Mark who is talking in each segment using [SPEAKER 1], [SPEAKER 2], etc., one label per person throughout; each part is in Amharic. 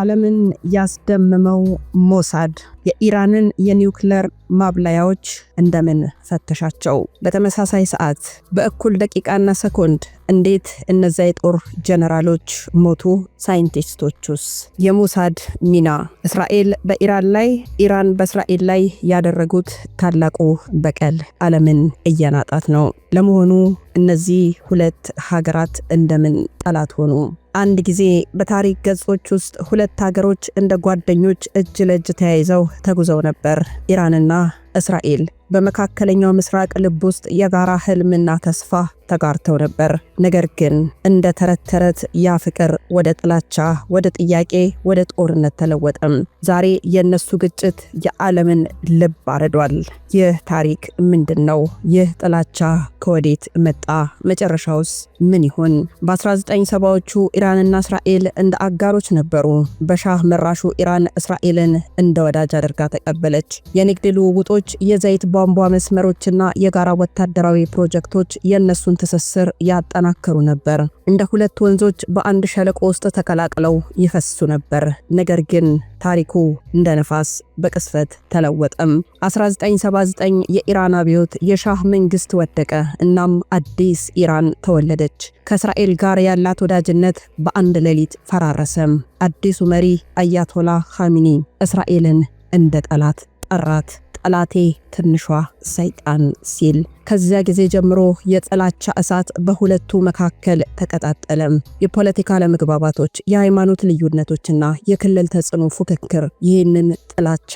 [SPEAKER 1] ዓለምን ያስደመመው ሞሳድ የኢራንን የኒውክለር ማብላያዎች እንደምን ፈተሻቸው? በተመሳሳይ ሰዓት በእኩል ደቂቃና ሰኮንድ እንዴት እነዚያ የጦር ጀነራሎች ሞቱ? ሳይንቲስቶቹስ? የሞሳድ ሚና፣ እስራኤል በኢራን ላይ፣ ኢራን በእስራኤል ላይ ያደረጉት ታላቁ በቀል ዓለምን እየናጣት ነው። ለመሆኑ እነዚህ ሁለት ሀገራት እንደምን ጠላት ሆኑ? አንድ ጊዜ በታሪክ ገጾች ውስጥ ሁለት ሀገሮች እንደ ጓደኞች እጅ ለእጅ ተያይዘው ተጉዘው ነበር። ኢራንና እስራኤል በመካከለኛው ምስራቅ ልብ ውስጥ የጋራ ህልምና ተስፋ ተጋርተው ነበር። ነገር ግን እንደ ተረት ተረት ያ ፍቅር ወደ ጥላቻ፣ ወደ ጥያቄ፣ ወደ ጦርነት ተለወጠም። ዛሬ የእነሱ ግጭት የዓለምን ልብ አርዷል። ይህ ታሪክ ምንድን ነው? ይህ ጥላቻ ከወዴት መጣ? ቢመጣ መጨረሻውስ ምን ይሆን? በ1970ዎቹ ኢራንና እስራኤል እንደ አጋሮች ነበሩ። በሻህ መራሹ ኢራን እስራኤልን እንደ ወዳጅ አድርጋ ተቀበለች። የንግድ ልውውጦች፣ የዘይት ቧንቧ መስመሮችና የጋራ ወታደራዊ ፕሮጀክቶች የእነሱን ትስስር ያጠናከሩ ነበር። እንደ ሁለት ወንዞች በአንድ ሸለቆ ውስጥ ተቀላቅለው ይፈሱ ነበር። ነገር ግን ታሪኩ እንደ ነፋስ በቅስፈት ተለወጠም። 1979 የኢራን አብዮት የሻህ መንግስት ወደቀ። እናም አዲስ ኢራን ተወለደች። ከእስራኤል ጋር ያላት ወዳጅነት በአንድ ሌሊት ፈራረሰም። አዲሱ መሪ አያቶላ ኻሚኒ እስራኤልን እንደ ጠላት ጠራት። ጠላቴ ትንሿ ሰይጣን ሲል ከዚያ ጊዜ ጀምሮ የጥላቻ እሳት በሁለቱ መካከል ተቀጣጠለ። የፖለቲካ አለመግባባቶች፣ የሃይማኖት ልዩነቶችና የክልል ተጽዕኖ ፉክክር ይህንን ጥላቻ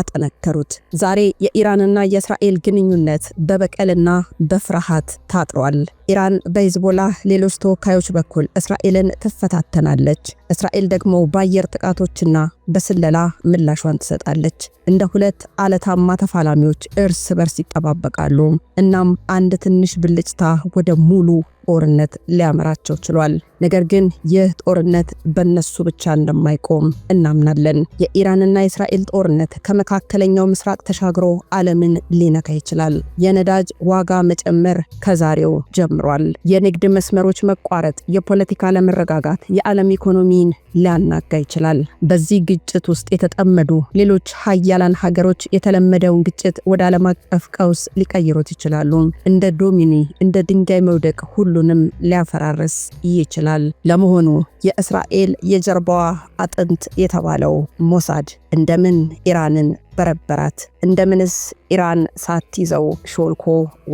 [SPEAKER 1] አጠነከሩት። ዛሬ የኢራንና የእስራኤል ግንኙነት በበቀልና በፍርሃት ታጥሯል። ኢራን በሂዝቦላ ሌሎች ተወካዮች በኩል እስራኤልን ትፈታተናለች። እስራኤል ደግሞ በአየር ጥቃቶችና በስለላ ምላሿን ትሰጣለች። እንደ ሁለት አለታማ ተፋላሚዎች እርስ በርስ ይጠባበቃሉ እና እናም አንድ ትንሽ ብልጭታ ወደ ሙሉ ጦርነት ሊያመራቸው ችሏል። ነገር ግን ይህ ጦርነት በነሱ ብቻ እንደማይቆም እናምናለን። የኢራንና የእስራኤል ጦርነት ከመካከለኛው ምስራቅ ተሻግሮ ዓለምን ሊነካ ይችላል። የነዳጅ ዋጋ መጨመር ከዛሬው ጀምሯል። የንግድ መስመሮች መቋረጥ፣ የፖለቲካ አለመረጋጋት የዓለም ኢኮኖሚን ሊያናጋ ይችላል። በዚህ ግጭት ውስጥ የተጠመዱ ሌሎች ሀያላን ሀገሮች የተለመደውን ግጭት ወደ ዓለም አቀፍ ቀውስ ሊቀይሩት ይችላሉ። እንደ ዶሚኒ እንደ ድንጋይ መውደቅ ሁሉ ሁሉንም ሊያፈራርስ ይችላል። ለመሆኑ የእስራኤል የጀርባዋ አጥንት የተባለው ሞሳድ እንደምን ኢራንን በረበራት? እንደምንስ ኢራን ሳትይዘው ሾልኮ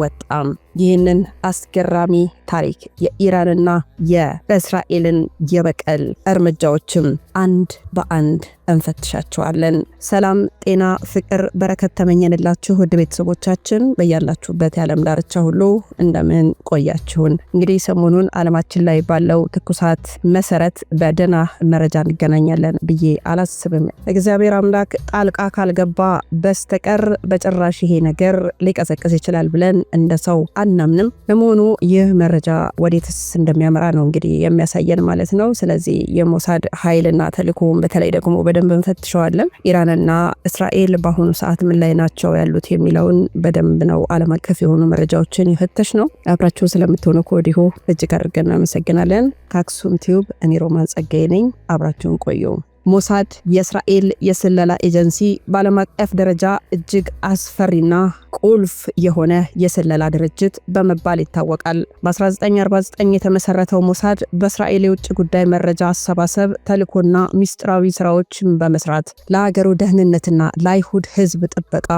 [SPEAKER 1] ወጣም? ይህንን አስገራሚ ታሪክ የኢራንና የእስራኤልን የበቀል እርምጃዎችም አንድ በአንድ እንፈትሻቸዋለን። ሰላም፣ ጤና፣ ፍቅር፣ በረከት ተመኘንላችሁ ውድ ቤተሰቦቻችን በያላችሁበት የዓለም ዳርቻ ሁሉ እንደምን ቆያችሁን? እንግዲህ ሰሞኑን ዓለማችን ላይ ባለው ትኩሳት መሰረት በደህና መረጃ እንገናኛለን ብዬ አላስብም። እግዚአብሔር እግዚአብሔር አምላክ ጣልቃ ካልገባ በስተቀር በጭራሽ ይሄ ነገር ሊቀሰቅስ ይችላል ብለን እንደ ሰው አናምንም። በመሆኑ ይህ መረጃ ወዴትስ እንደሚያመራ ነው እንግዲህ የሚያሳየን ማለት ነው። ስለዚህ የሞሳድ ኃይልና ተልእኮውን በተለይ ደግሞ በደንብ እንፈትሸዋለን። ኢራንና እስራኤል በአሁኑ ሰዓት ምን ላይ ናቸው ያሉት የሚለውን በደንብ ነው ዓለም አቀፍ የሆኑ መረጃዎችን ይፈተሽ ነው። አብራችሁን ስለምትሆኑ ከወዲሁ እጅግ አድርገን እናመሰግናለን። ከአክሱም ቲዩብ እኔ ሮማን ጸጋዬ ነኝ። አብራችሁን ቆየው። ሞሳድ የእስራኤል የስለላ ኤጀንሲ በዓለም አቀፍ ደረጃ እጅግ አስፈሪና ቁልፍ የሆነ የስለላ ድርጅት በመባል ይታወቃል። በ1949 የተመሰረተው ሞሳድ በእስራኤል የውጭ ጉዳይ መረጃ አሰባሰብ ተልዕኮና ሚስጥራዊ ስራዎችን በመስራት ለሀገሩ ደህንነትና ለአይሁድ ህዝብ ጥበቃ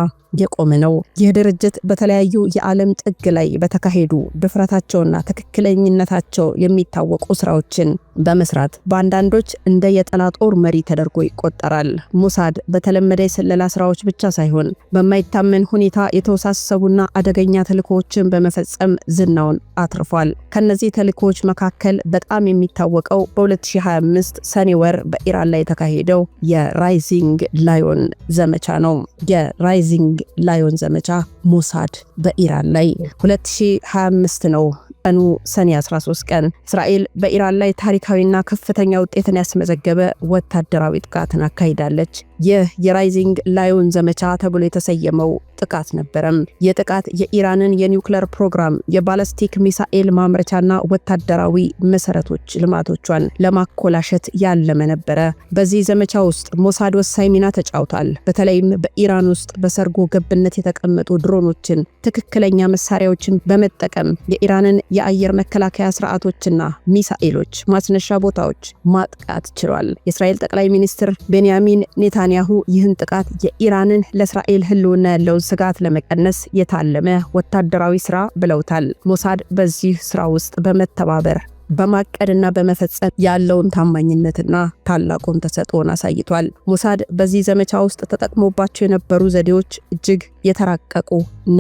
[SPEAKER 1] የቆመ ነው። ይህ ድርጅት በተለያዩ የዓለም ጥግ ላይ በተካሄዱ ድፍረታቸውና ትክክለኝነታቸው የሚታወቁ ስራዎችን በመስራት በአንዳንዶች እንደ የጠላ ጦር መሪ ተደርጎ ይቆጠራል። ሞሳድ በተለመደ የስለላ ስራዎች ብቻ ሳይሆን በማይታመን ሁኔታ የተወሳሰቡና አደገኛ ተልእኮዎችን በመፈጸም ዝናውን አትርፏል። ከነዚህ ተልእኮዎች መካከል በጣም የሚታወቀው በ2025 ሰኔ ወር በኢራን ላይ የተካሄደው የራይዚንግ ላዮን ዘመቻ ነው። የራይዚንግ ላዮን ዘመቻ ሞሳድ በኢራን ላይ 2025 ነው ቀኑ ሰኔ 13 ቀን እስራኤል በኢራን ላይ ታሪካዊና ከፍተኛ ውጤትን ያስመዘገበ ወታደራዊ ጥቃትን አካሂዳለች። ይህ የራይዚንግ ላዮን ዘመቻ ተብሎ የተሰየመው ጥቃት ነበረም። የጥቃት የኢራንን የኒውክለር ፕሮግራም፣ የባለስቲክ ሚሳኤል ማምረቻና ወታደራዊ መሰረቶች ልማቶቿን ለማኮላሸት ያለመ ነበረ። በዚህ ዘመቻ ውስጥ ሞሳድ ወሳኝ ሚና ተጫውቷል። በተለይም በኢራን ውስጥ በሰርጎ ገብነት የተቀመጡ ድሮኖችን፣ ትክክለኛ መሳሪያዎችን በመጠቀም የኢራንን የአየር መከላከያ ስርዓቶችና ሚሳኤሎች ማስነሻ ቦታዎች ማጥቃት ችሏል። የእስራኤል ጠቅላይ ሚኒስትር ቤንያሚን ኔታንያሁ ይህን ጥቃት የኢራንን ለእስራኤል ህልውና ያለውን ስጋት ለመቀነስ የታለመ ወታደራዊ ስራ ብለውታል። ሞሳድ በዚህ ስራ ውስጥ በመተባበር በማቀድና በመፈጸም ያለውን ታማኝነትና ታላቁን ተሰጥኦን አሳይቷል። ሞሳድ በዚህ ዘመቻ ውስጥ ተጠቅሞባቸው የነበሩ ዘዴዎች እጅግ የተራቀቁ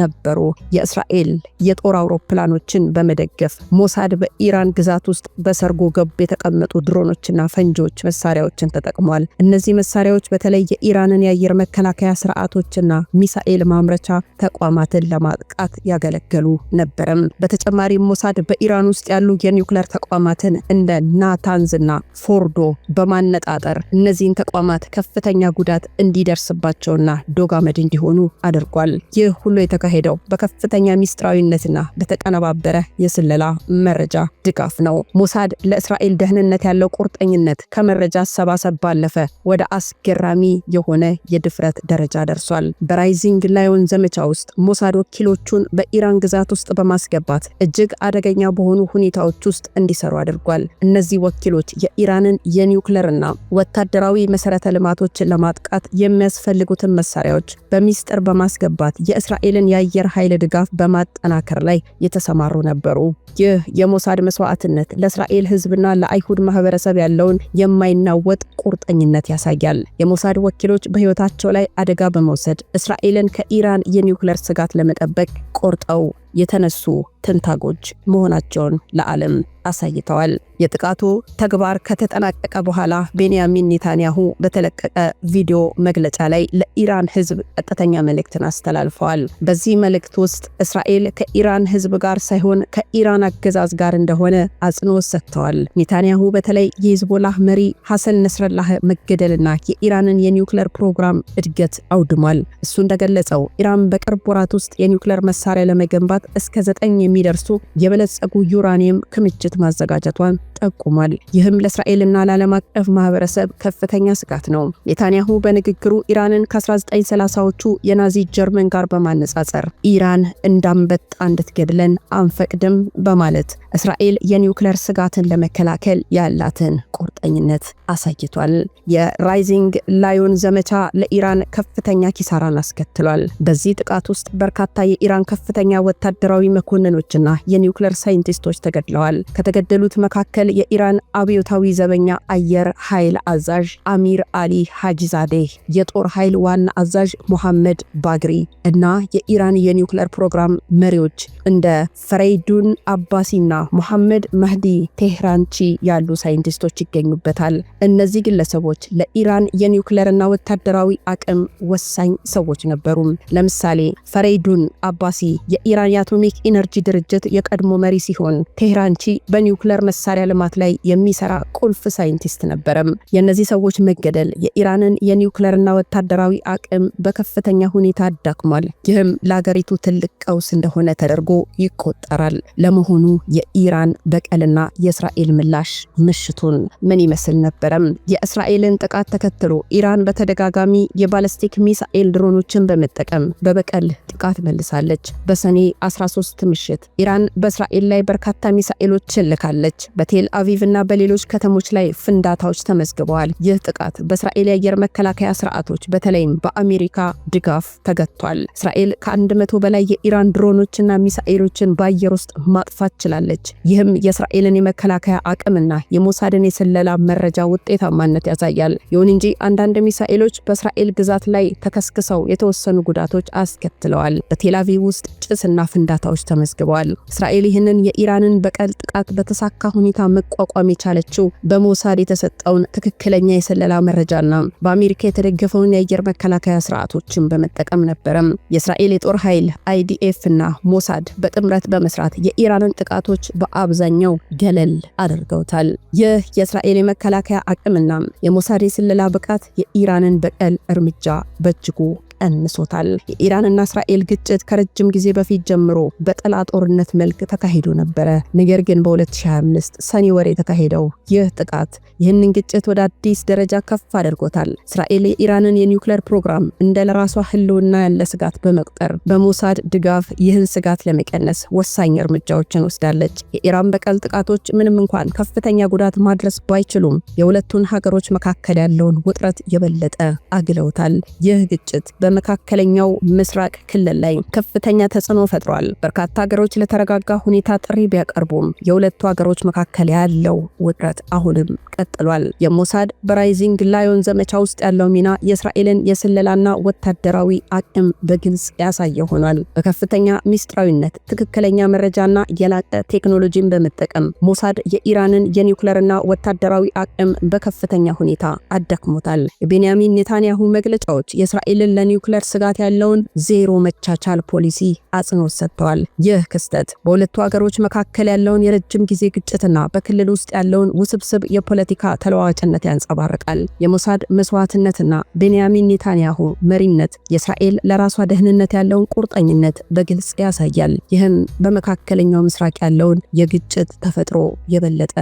[SPEAKER 1] ነበሩ። የእስራኤል የጦር አውሮፕላኖችን በመደገፍ ሞሳድ በኢራን ግዛት ውስጥ በሰርጎ ገብ የተቀመጡ ድሮኖችና ፈንጂዎች መሳሪያዎችን ተጠቅሟል። እነዚህ መሳሪያዎች በተለይ የኢራንን የአየር መከላከያ ስርዓቶችና ሚሳኤል ማምረቻ ተቋማትን ለማጥቃት ያገለገሉ ነበረም። በተጨማሪም ሞሳድ በኢራን ውስጥ ያሉ የኒውክሌር ተቋማትን እንደ ናታንዝና ፎርዶ በማ በማነጣጠር እነዚህን ተቋማት ከፍተኛ ጉዳት እንዲደርስባቸውና ዶጋመድ እንዲሆኑ አድርጓል። ይህ ሁሉ የተካሄደው በከፍተኛ ሚስጥራዊነትና በተቀነባበረ የስለላ መረጃ ድጋፍ ነው። ሞሳድ ለእስራኤል ደህንነት ያለው ቁርጠኝነት ከመረጃ አሰባሰብ ባለፈ ወደ አስገራሚ የሆነ የድፍረት ደረጃ ደርሷል። በራይዚንግ ላዮን ዘመቻ ውስጥ ሞሳድ ወኪሎቹን በኢራን ግዛት ውስጥ በማስገባት እጅግ አደገኛ በሆኑ ሁኔታዎች ውስጥ እንዲሰሩ አድርጓል። እነዚህ ወኪሎች የኢራንን የኒውክለር ሀገርና ወታደራዊ መሰረተ ልማቶችን ለማጥቃት የሚያስፈልጉትን መሳሪያዎች በሚስጥር በማስገባት የእስራኤልን የአየር ኃይል ድጋፍ በማጠናከር ላይ የተሰማሩ ነበሩ። ይህ የሞሳድ መስዋዕትነት ለእስራኤል ህዝብና ለአይሁድ ማህበረሰብ ያለውን የማይናወጥ ቁርጠኝነት ያሳያል። የሞሳድ ወኪሎች በህይወታቸው ላይ አደጋ በመውሰድ እስራኤልን ከኢራን የኒውክለር ስጋት ለመጠበቅ ቆርጠው የተነሱ ትንታጎች መሆናቸውን ለዓለም አሳይተዋል። የጥቃቱ ተግባር ከተጠናቀቀ በኋላ ቤንያሚን ኔታንያሁ በተለቀቀ ቪዲዮ መግለጫ ላይ ለኢራን ሕዝብ ቀጥተኛ መልእክትን አስተላልፈዋል። በዚህ መልእክት ውስጥ እስራኤል ከኢራን ሕዝብ ጋር ሳይሆን ከኢራን አገዛዝ ጋር እንደሆነ አጽንኦት ሰጥተዋል። ኔታንያሁ በተለይ የሂዝቦላህ መሪ ሐሰን ነስረላህ መገደልና የኢራንን የኒውክለር ፕሮግራም እድገት አውድሟል። እሱ እንደገለጸው ኢራን በቅርብ ወራት ውስጥ የኒውክለር መሳሪያ ለመገንባት ሰዓት እስከ ዘጠኝ የሚደርሱ የበለጸጉ ዩራኒየም ክምችት ማዘጋጀቷን ጠቁሟል። ይህም ለእስራኤልና ለዓለም አቀፍ ማህበረሰብ ከፍተኛ ስጋት ነው። ኔታንያሁ በንግግሩ ኢራንን ከ1930ዎቹ የናዚ ጀርመን ጋር በማነጻጸር ኢራን እንዳንበጣ እንድትገድለን አንፈቅድም በማለት እስራኤል የኒውክለር ስጋትን ለመከላከል ያላትን ቁርጠኝነት አሳይቷል። የራይዚንግ ላዮን ዘመቻ ለኢራን ከፍተኛ ኪሳራን አስከትሏል። በዚህ ጥቃት ውስጥ በርካታ የኢራን ከፍተኛ ወታደ ወታደራዊ መኮንኖችና የኒውክሌር ሳይንቲስቶች ተገድለዋል። ከተገደሉት መካከል የኢራን አብዮታዊ ዘበኛ አየር ኃይል አዛዥ አሚር አሊ ሃጂዛዴህ፣ የጦር ኃይል ዋና አዛዥ ሞሐመድ ባግሪ እና የኢራን የኒውክሌር ፕሮግራም መሪዎች እንደ ፈሬይዱን አባሲና መሐመድ መህዲ ቴህራንቺ ያሉ ሳይንቲስቶች ይገኙበታል። እነዚህ ግለሰቦች ለኢራን የኒውክሌርና ወታደራዊ አቅም ወሳኝ ሰዎች ነበሩ። ለምሳሌ ፈሬይዱን አባሲ የኢራን የአቶሚክ ኢነርጂ ድርጅት የቀድሞ መሪ ሲሆን ቴህራንቺ በኒውክለር መሳሪያ ልማት ላይ የሚሰራ ቁልፍ ሳይንቲስት ነበረም። የእነዚህ ሰዎች መገደል የኢራንን የኒውክለርና ወታደራዊ አቅም በከፍተኛ ሁኔታ አዳክሟል። ይህም ለአገሪቱ ትልቅ ቀውስ እንደሆነ ተደርጎ ይቆጠራል። ለመሆኑ የኢራን በቀልና የእስራኤል ምላሽ ምሽቱን ምን ይመስል ነበረም? የእስራኤልን ጥቃት ተከትሎ ኢራን በተደጋጋሚ የባለስቲክ ሚሳኤል ድሮኖችን በመጠቀም በበቀል ጥቃት መልሳለች። በሰኔ 13 ምሽት ኢራን በእስራኤል ላይ በርካታ ሚሳኤሎችን ልካለች። በቴል አቪቭ እና በሌሎች ከተሞች ላይ ፍንዳታዎች ተመዝግበዋል። ይህ ጥቃት በእስራኤል የአየር መከላከያ ስርዓቶች በተለይም በአሜሪካ ድጋፍ ተገጥቷል። እስራኤል ከ100 በላይ የኢራን ድሮኖችና ሚሳኤሎችን በአየር ውስጥ ማጥፋት ችላለች። ይህም የእስራኤልን የመከላከያ አቅምና የሞሳድን የስለላ መረጃ ውጤታማነት ያሳያል። ይሁን እንጂ አንዳንድ ሚሳኤሎች በእስራኤል ግዛት ላይ ተከስክሰው የተወሰኑ ጉዳቶች አስከትለዋል። በቴል አቪቭ ውስጥ ጭስና ፍንዳታዎች ተመዝግበዋል። እስራኤል ይህንን የኢራንን በቀል ጥቃት በተሳካ ሁኔታ መቋቋም የቻለችው በሞሳድ የተሰጠውን ትክክለኛ የሰለላ መረጃና በአሜሪካ የተደገፈውን የአየር መከላከያ ስርዓቶችን በመጠቀም ነበረም። የእስራኤል የጦር ኃይል አይዲኤፍ እና ሞሳድ በጥምረት በመስራት የኢራንን ጥቃቶች በአብዛኛው ገለል አድርገውታል። ይህ የእስራኤል የመከላከያ አቅምና የሞሳድ የስለላ ብቃት የኢራንን በቀል እርምጃ በእጅጉ ቀንሶታል። የኢራንና እስራኤል ግጭት ከረጅም ጊዜ በፊት ጀምሮ በጥላ ጦርነት መልክ ተካሂዶ ነበረ። ነገር ግን በ2025 ሰኔ ወር የተካሄደው ይህ ጥቃት ይህንን ግጭት ወደ አዲስ ደረጃ ከፍ አድርጎታል። እስራኤል የኢራንን የኒውክሌር ፕሮግራም እንደ ለራሷ ህልውና ያለ ስጋት በመቁጠር በሞሳድ ድጋፍ ይህን ስጋት ለመቀነስ ወሳኝ እርምጃዎችን ወስዳለች። የኢራን በቀል ጥቃቶች ምንም እንኳን ከፍተኛ ጉዳት ማድረስ ባይችሉም የሁለቱን ሀገሮች መካከል ያለውን ውጥረት የበለጠ አግለውታል። ይህ ግጭት በ በመካከለኛው ምስራቅ ክልል ላይ ከፍተኛ ተጽዕኖ ፈጥሯል። በርካታ ሀገሮች ለተረጋጋ ሁኔታ ጥሪ ቢያቀርቡም የሁለቱ ሀገሮች መካከል ያለው ውጥረት አሁንም ቀጥሏል። የሞሳድ በራይዚንግ ላዮን ዘመቻ ውስጥ ያለው ሚና የእስራኤልን የስለላና ወታደራዊ አቅም በግልጽ ያሳየ ሆኗል። በከፍተኛ ሚስጥራዊነት፣ ትክክለኛ መረጃና የላቀ ቴክኖሎጂን በመጠቀም ሞሳድ የኢራንን የኒውክለርና ወታደራዊ አቅም በከፍተኛ ሁኔታ አዳክሞታል። የቤንያሚን ኔታንያሁ መግለጫዎች የእስራኤልን ለኒ የኒውክሌር ስጋት ያለውን ዜሮ መቻቻል ፖሊሲ አጽንኦት ሰጥተዋል። ይህ ክስተት በሁለቱ ሀገሮች መካከል ያለውን የረጅም ጊዜ ግጭትና በክልል ውስጥ ያለውን ውስብስብ የፖለቲካ ተለዋዋጭነት ያንጸባርቃል። የሞሳድ መስዋዕትነትና ቤንያሚን ኔታንያሁ መሪነት የእስራኤል ለራሷ ደህንነት ያለውን ቁርጠኝነት በግልጽ ያሳያል። ይህም በመካከለኛው ምስራቅ ያለውን የግጭት ተፈጥሮ የበለጠ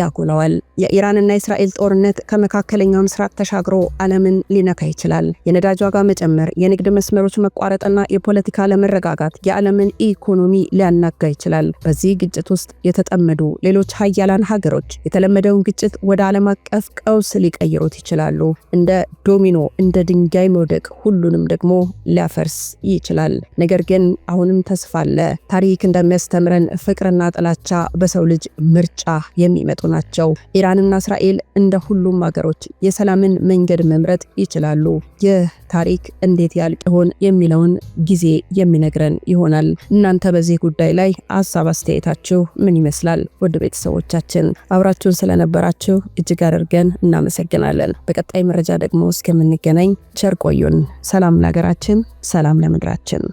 [SPEAKER 1] ያጎላዋል። የኢራንና የእስራኤል ጦርነት ከመካከለኛው ምስራቅ ተሻግሮ ዓለምን ሊነካ ይችላል። የነዳጅ ዋጋ መጨመር መጨመር፣ የንግድ መስመሮች መቋረጥና የፖለቲካ ለመረጋጋት የዓለምን ኢኮኖሚ ሊያናጋ ይችላል። በዚህ ግጭት ውስጥ የተጠመዱ ሌሎች ሀያላን ሀገሮች የተለመደውን ግጭት ወደ ዓለም አቀፍ ቀውስ ሊቀይሩት ይችላሉ። እንደ ዶሚኖ እንደ ድንጋይ መውደቅ ሁሉንም ደግሞ ሊያፈርስ ይችላል። ነገር ግን አሁንም ተስፋ አለ። ታሪክ እንደሚያስተምረን ፍቅርና ጥላቻ በሰው ልጅ ምርጫ የሚመጡ ናቸው። ኢራንና እስራኤል እንደ ሁሉም ሀገሮች የሰላምን መንገድ መምረጥ ይችላሉ። ይህ ታሪክ እንዴት ያልቅ ይሆን የሚለውን ጊዜ የሚነግረን ይሆናል። እናንተ በዚህ ጉዳይ ላይ ሀሳብ አስተያየታችሁ ምን ይመስላል? ወደ ቤተሰቦቻችን አብራችሁን ስለነበራችሁ እጅግ አድርገን እናመሰግናለን። በቀጣይ መረጃ ደግሞ እስከምንገናኝ ቸር ቆዩን። ሰላም ለሀገራችን፣ ሰላም ለምድራችን።